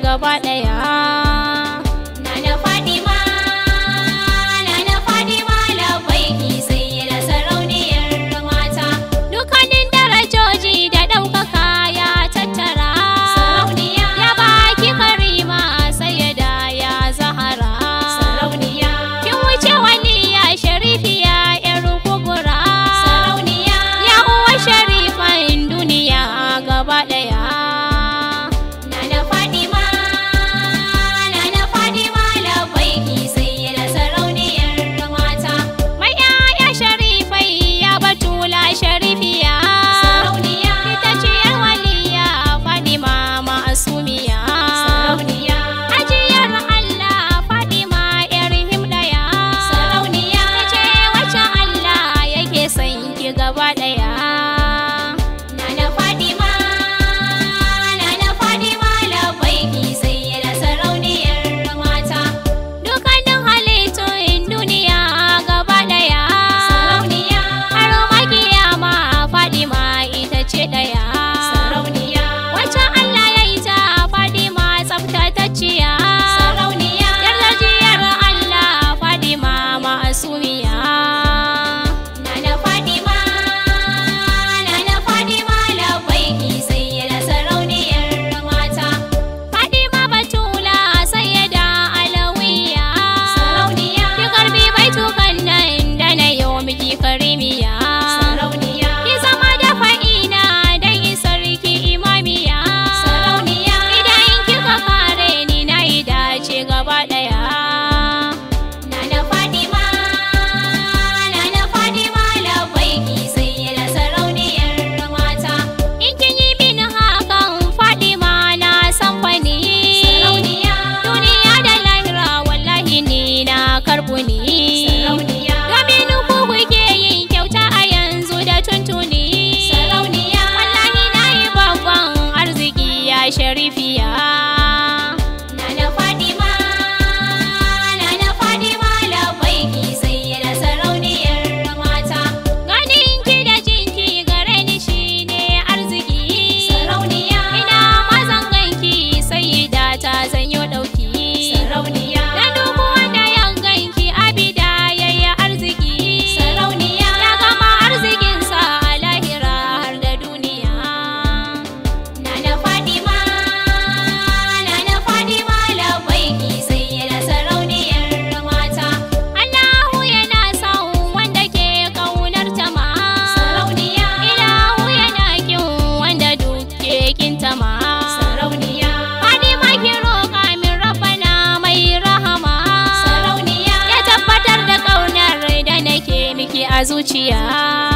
gaba ɗaya a zuciya